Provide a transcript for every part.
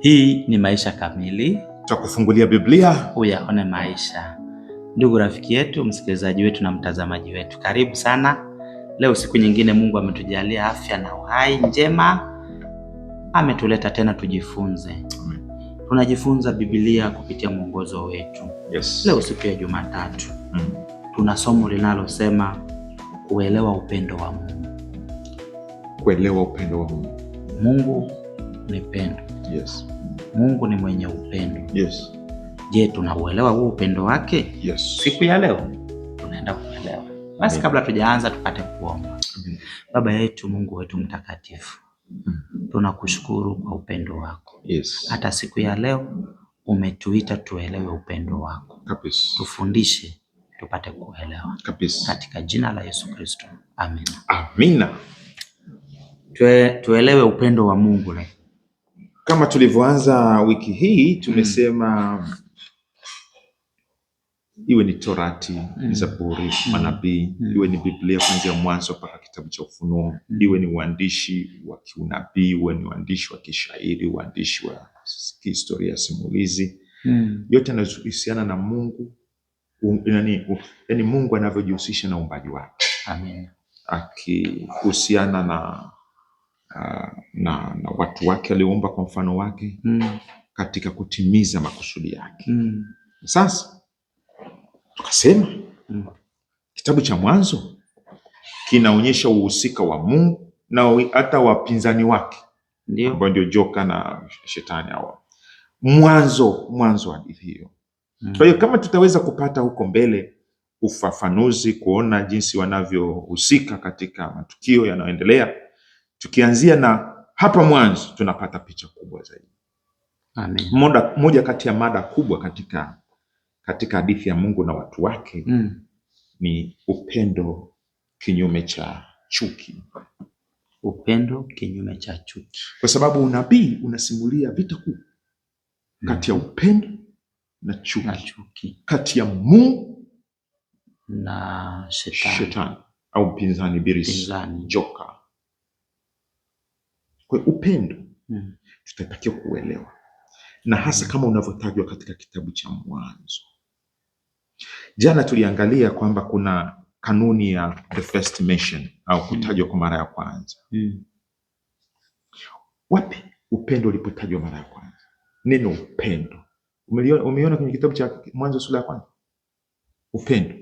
Hii ni Maisha Kamili, kufungulia Biblia uyaone maisha. Ndugu rafiki yetu, msikilizaji wetu na mtazamaji wetu, karibu sana. Leo siku nyingine, Mungu ametujalia afya na uhai njema, ametuleta tena tujifunze. Amen. Tunajifunza Biblia kupitia mwongozo wetu. Yes. Leo siku ya Jumatatu mm. tuna somo linalosema kuelewa upendo wa Mungu. Kuelewa upendo wa Mungu. Mungu ni pendo Yes. Mungu ni mwenye upendo. Yes. Je, tunauelewa huo upendo wake? Yes. Siku ya leo tunaenda kuelewa. Basi kabla tujaanza tupate kuomba. Baba yetu, Mungu wetu mtakatifu, mm. tunakushukuru kwa upendo wako. Yes. Hata siku ya leo umetuita tuelewe upendo wako. Kabisa. Tufundishe tupate kuelewa. Kabisa. Katika jina la Yesu Kristo. Amina. Amina. Tue, tuelewe upendo wa Mungu leo. Kama tulivyoanza wiki hii mm. tumesema mm. iwe ni Torati mm. Zaburi, mm. manabii mm. iwe ni Biblia kuanzia mwanzo mpaka kitabu cha Ufunuo mm. iwe ni uandishi wa kiunabii, iwe ni uandishi wa kishairi, uandishi wa kihistoria, simulizi mm. yote yanayohusiana na Mungu, yaani Mungu anavyojihusisha na uumbaji wake, akihusiana na uh, na, na watu wake aliumba kwa mfano wake mm. katika kutimiza makusudi yake mm. Sasa tukasema mm. kitabu cha Mwanzo kinaonyesha uhusika wa Mungu na hata wapinzani wake ambao ndio joka na shetani hawa. Mwanzo mwanzo hadithi hiyo mm. Kwa hiyo kama tutaweza kupata huko mbele ufafanuzi, kuona jinsi wanavyohusika katika matukio yanayoendelea Tukianzia na hapa mwanzo, tunapata picha kubwa zaidi. Amen. Moja, moja kati ya mada kubwa katika katika hadithi ya Mungu na watu wake mm. ni upendo kinyume cha chuki. Upendo kinyume cha chuki, kwa sababu unabii unasimulia vita kuu kati ya mm. upendo na chuki, na chuki, kati ya Mungu na shetani, shetani au mpinzani, birisi, joka. Kwa upendo mm. tutatakiwa kuelewa na hasa kama unavyotajwa katika kitabu cha Mwanzo. Jana tuliangalia kwamba kuna kanuni ya the first mention au hmm. kutajwa kwa mara ya kwanza mm. wapi upendo ulipotajwa mara ya kwanza? Neno upendo umeiona kwenye kitabu cha Mwanzo sura ya kwanza, upendo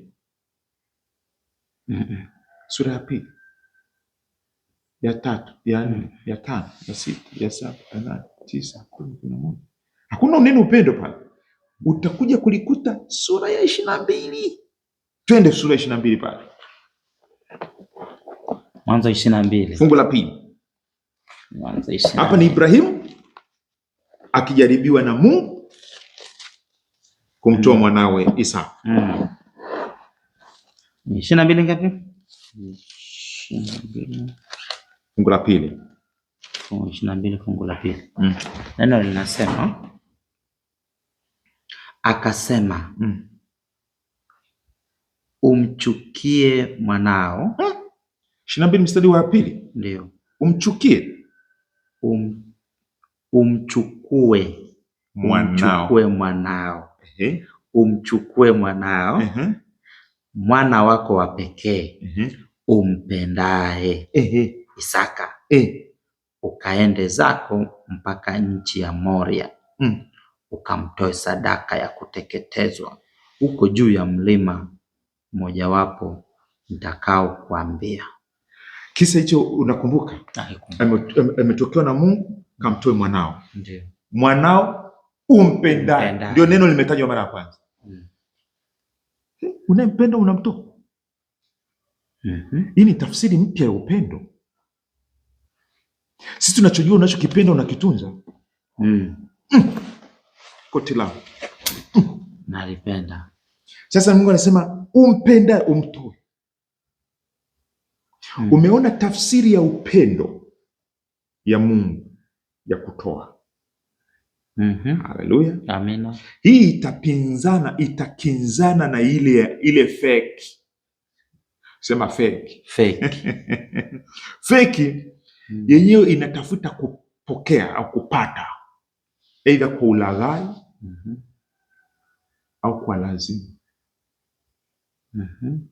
mm -mm. sura ya pili ya tatu, ya nne, mm. ya tano, ya sita, ya saba, ya nane, tisa, kumi, kumi na moja. Hakuna unene upendo pale, utakuja kulikuta sura ya ishirini na mbili. Twende sura ya ishirini na mbili pale, Mwanzo ishirini na mbili fungu la pili. Hapa ni Ibrahimu akijaribiwa na Mungu kumtoa mm. mwanawe Isaka mm. ishirini na mbili ngapi? fungu la pili ishirini na mbili fungu la pili mm. neno linasema akasema mm. umchukie mwanao eh, ishirini na mbili mstari wa pili ndio umchukie um, umchukue mwanao, umchukue mwanao Uh-huh. umchukue mwanao uh-huh. mwana wako wa pekee uh-huh. umpendaye uh-huh. Isaka e. Ukaende zako mpaka nchi ya Moria mm. Ukamtoe sadaka ya kuteketezwa huko juu ya mlima mojawapo nitakao kuambia. Kisa hicho unakumbuka, ametokewa na Mungu, kamtoe mwanao Ndiyo. mwanao umpenda, ndio neno limetajwa mara ya kwanza mm. Eh, unayempenda unamtoa. mm -hmm. Hii ni tafsiri mpya ya upendo. Sisi tunachojua unachokipenda unakitunza. Mm. Mm. Koti lako. Mm. Nalipenda. Sasa Mungu anasema umpenda umtoe. Mm. Umeona tafsiri ya upendo ya Mungu ya kutoa. Mm -hmm. Amina. Hii itapinzana, itakinzana na ile ile fake. Sema fake. Fake. Fake mm. yenyewe inatafuta kupokea au kupata, aidha kwa ulaghai mm -hmm. au kwa lazima mm-hmm.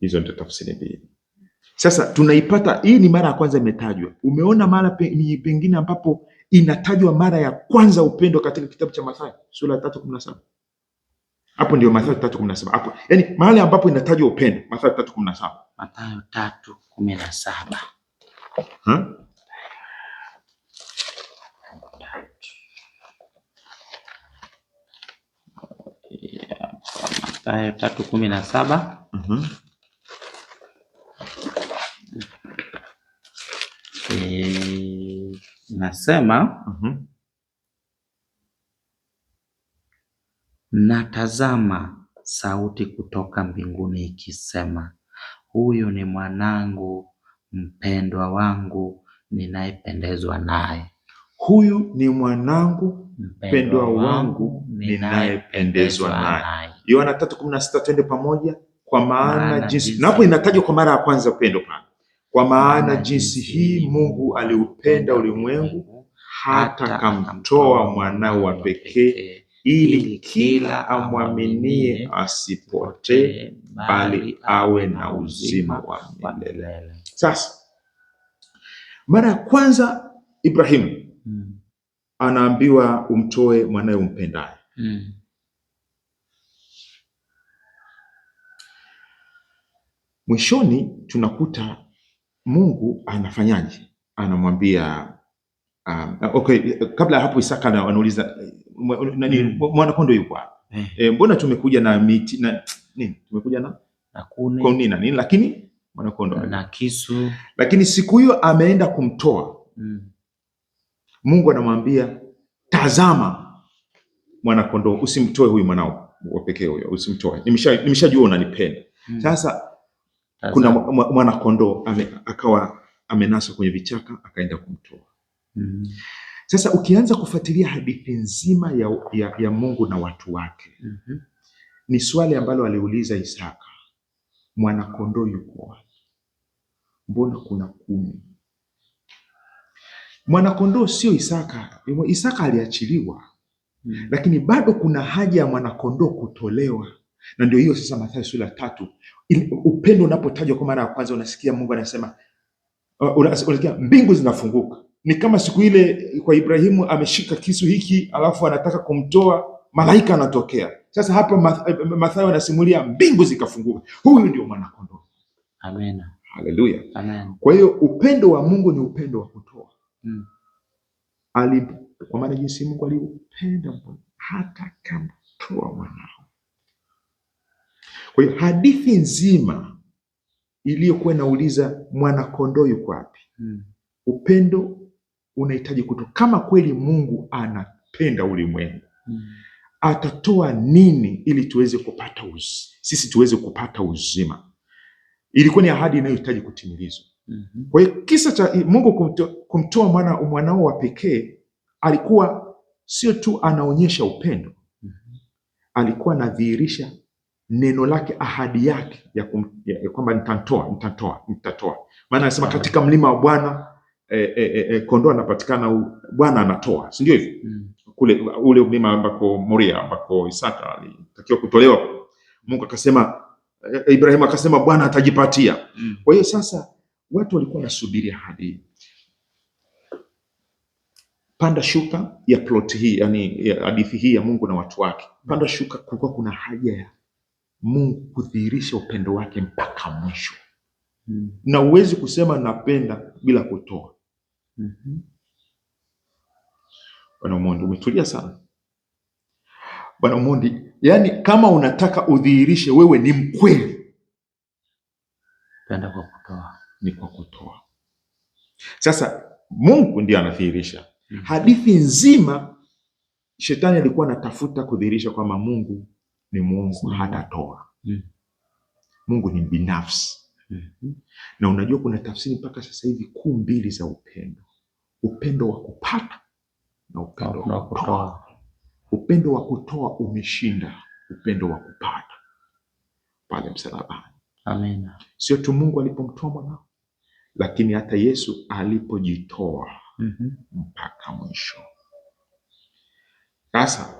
hizo mm -hmm. ndio tafsiri mbili. Sasa tunaipata hii, ni mara ya kwanza imetajwa. Umeona mara pe, pengine ambapo inatajwa mara ya kwanza upendo katika kitabu cha Mathayo sura ya 3:17. Hapo ndio Mathayo 3:17. Hapo. yani mahali ambapo inatajwa upendo Mathayo 3:17. Mathayo 3:17. Hmm? Mathayo tatu kumi na saba. Mm-hmm. E, nasema mm-hmm. Natazama sauti kutoka mbinguni ikisema, huyu ni mwanangu mpendwa wangu ninayependezwa naye. Huyu ni mwanangu mpendwa wangu ninayependezwa naye. Yohana 3:16 kumi na sita twende pamoja. Kwa maana jinsi napo inatajwa kwa mara ya kwanza upendo pana. Kwa maana jinsi hii Mungu aliupenda ulimwengu hata kamtoa mwanao wa pekee, ili kila amwaminie asipotee, bali awe na uzima wa milele. Sasa mara ya kwanza Ibrahimu mm. anaambiwa umtoe mwanaye umpendaye mm. Mwishoni tunakuta Mungu anafanyaje? Anamwambia um, okay, kabla ya hapo Isaka anauliza nani, hmm. mwana kondoo yuko wapi? Eh. Eh, mbona tumekuja na miti na nini, tumekuja na kuni na nini, lakini Mwanakondoo. Na kisu. Lakini siku hiyo ameenda kumtoa mm. Mungu anamwambia tazama, mwanakondoo, usimtoe huyu mwanao wa pekee huyo, usimtoe, nimeshajua nimesha unanipenda mm. Sasa tazama, kuna mwanakondoo ame, akawa amenaswa kwenye vichaka akaenda kumtoa mm. Sasa ukianza kufuatilia hadithi nzima ya, ya, ya Mungu na watu wake mm -hmm. Ni swali ambalo aliuliza Isaka, mwanakondoo yuko wapi? mbona kuna kumi? Mwanakondoo sio Isaka. Isaka aliachiliwa hmm. Lakini bado kuna haja ya mwanakondoo kutolewa, na ndio hiyo sasa Mathayo sura tatu, upendo unapotajwa kwa mara ya kwanza, unasikia Mungu anasema, uh, unasikia mbingu zinafunguka. Ni kama siku ile kwa Ibrahimu ameshika kisu hiki, alafu anataka kumtoa, malaika anatokea. Sasa hapa Mathayo anasimulia mbingu zikafunguka. Huyu ndio mwanakondoo. Amina. Haleluya. Kwa hiyo upendo wa Mungu ni upendo wa kutoa mm. Kwa maana jinsi Mungu aliupenda hata kamtoa mwanao. Kwa hiyo hadithi nzima iliyokuwa inauliza kondoo yuko wapi? mm. Upendo unahitaji kutoa. Kama kweli Mungu anapenda ulimwengu mm. atatoa nini ili tuweze kupata uzi, sisi tuweze kupata uzima ilikuwa ni ahadi inayohitaji kutimilizwa. mm -hmm. Kwa hiyo kisa cha Mungu kumtoa mwana mwanao wa pekee, alikuwa sio tu anaonyesha upendo mm -hmm. alikuwa anadhihirisha neno lake, ahadi yake ya, ya, ya kwamba ntatoa nitamtoa, nitatoa. Maana anasema katika mlima wa Bwana e, e, e, e kondoo anapatikana, Bwana anatoa, si ndio hivyo? mm Kule ule mlima ambako Moria ambako Isaka alitakiwa kutolewa, Mungu akasema Eh, Ibrahim akasema Bwana atajipatia. Mm. Kwa hiyo sasa watu walikuwa wanasubiri hadi panda shuka ya plot hii, yani hadithi hii ya Mungu na watu wake. Panda shuka, kulikuwa kuna haja ya Mungu kudhihirisha upendo wake mpaka mwisho. Mm. Na uwezi kusema napenda bila kutoa. Mm -hmm. Bwana umetulia sana. Bwana Mundi, yaani kama unataka udhihirishe wewe ni mkweli, penda kwa kutoa, ni kwa kutoa. Sasa Mungu ndiye anadhihirisha mm -hmm. Hadithi nzima shetani alikuwa anatafuta kudhihirisha kwamba Mungu ni Mungu, hatatoa mm -hmm. Mungu ni binafsi mm -hmm. Na unajua kuna tafsiri mpaka sasa hivi kuu mbili za upendo, upendo wa kupata na upendo wa kutoa Upendo wa kutoa umeshinda upendo wa kupata pale msalabani. Amen. Sio tu Mungu alipomtoa mwanao, lakini hata Yesu alipojitoa mm -hmm. mpaka mwisho. Sasa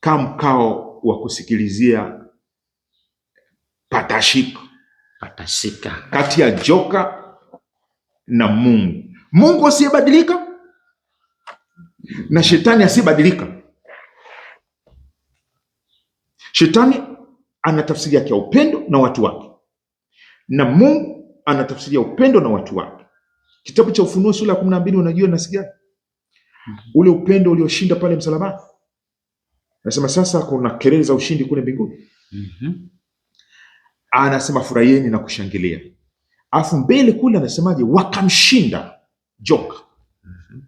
kaa mkao wa kusikilizia patashika patashika kati ya joka na Mungu, Mungu asiyebadilika na shetani asiyebadilika Shetani ana tafsiri yake ya upendo na watu wake, na Mungu ana tafsiri ya upendo na watu wake. Kitabu cha Ufunuo sura ya kumi na mbili unajua nasi gani mm-hmm. ule upendo ulioshinda pale msalabani. Anasema sasa kuna kelele za ushindi kule mbinguni. mm -hmm. Anasema furahieni na kushangilia, alafu mbele kule anasemaje? Wakamshinda joka mm -hmm.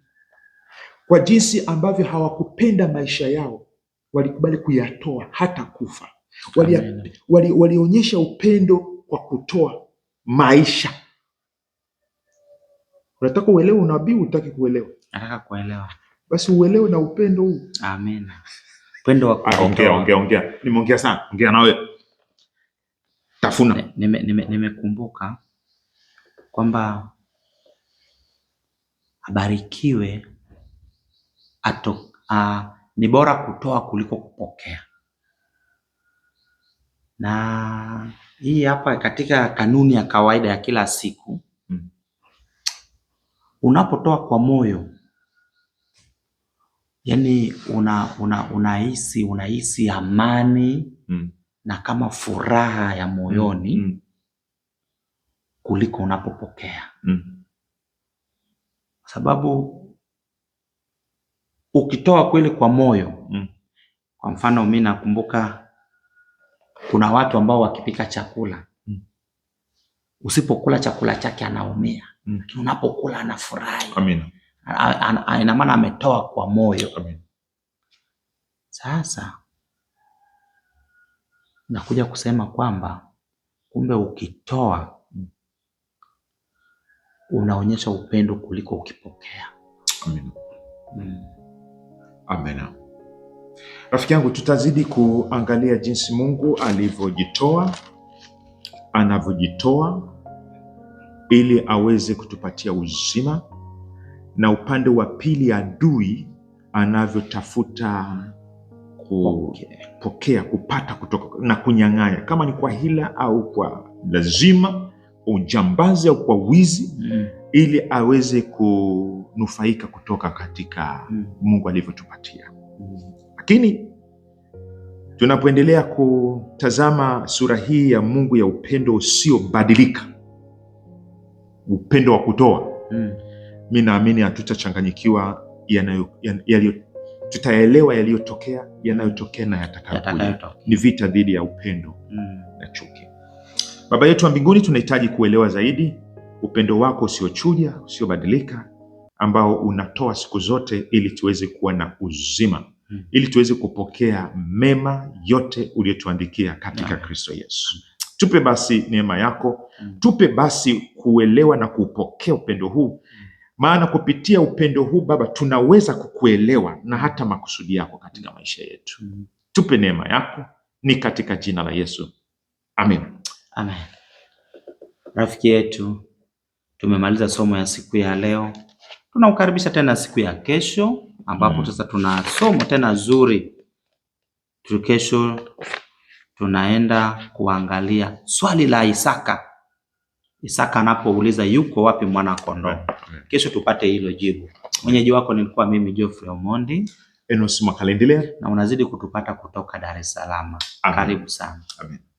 kwa jinsi ambavyo hawakupenda maisha yao walikubali kuyatoa hata kufa. Walionyesha wali, wali upendo kwa kutoa maisha. Unataka uelewe unabii, utaki kuelewa? Nataka kuelewa. Basi uelewe na upendo huu. Amen. Upendo wa ah, kutoa. Ongea, ongea, ongea. Nimeongea sana. Ongea nawe. Tafuna. Nimekumbuka nime kwamba abarikiwe ato, a, ni bora kutoa kuliko kupokea. Na hii hapa katika kanuni ya kawaida ya kila siku mm. Unapotoa kwa moyo, yani unahisi una, unahisi amani mm. na kama furaha ya moyoni mm. kuliko unapopokea mm. sababu ukitoa kweli kwa moyo mm. Kwa mfano mimi nakumbuka kuna watu ambao wakipika chakula mm. usipokula chakula chake anaumia mm. unapokula anafurahi. Amina. Ina maana ametoa kwa moyo. Amina. Sasa nakuja kusema kwamba kumbe ukitoa mm. unaonyesha upendo kuliko ukipokea. Amina. Mm. Amina. Rafiki yangu, tutazidi kuangalia jinsi Mungu alivyojitoa, anavyojitoa ili aweze kutupatia uzima, na upande wa pili adui anavyotafuta kupokea, kupata kutoka na kunyang'anya, kama ni kwa hila au kwa lazima, ujambazi au kwa wizi, mm. ili aweze ku kunufaika kutoka katika mm. Mungu alivyotupatia mm. Lakini tunapoendelea kutazama sura hii ya Mungu ya upendo usiobadilika, upendo wa kutoa mm. mi naamini hatutachanganyikiwa, tutaelewa yaliyotokea, yanayotokea na yatakayokuja. Ni vita dhidi ya upendo mm. na chuki. Baba yetu wa mbinguni, tunahitaji kuelewa zaidi upendo wako usiochuja, usiobadilika ambao unatoa siku zote ili tuweze kuwa na uzima hmm. ili tuweze kupokea mema yote uliyotuandikia katika hmm. Kristo Yesu Tupe basi neema yako hmm. tupe basi kuelewa na kupokea upendo huu hmm. maana kupitia upendo huu Baba tunaweza kukuelewa na hata makusudi yako katika maisha yetu hmm. Tupe neema yako, ni katika jina la Yesu amen. Amen. Rafiki yetu, tumemaliza somo ya siku ya leo. Tunaukaribisha tena siku ya kesho ambapo mm. sasa tuna somo tena zuri. Kesho tunaenda kuangalia swali la Isaka. Isaka anapouliza yuko wapi mwana kondoo? Kesho tupate hilo jibu. Mwenyeji wako nilikuwa mimi Geoffrey Omondi Enos Makalendile, na unazidi kutupata kutoka Dar es Salaam. Karibu sana. Amen.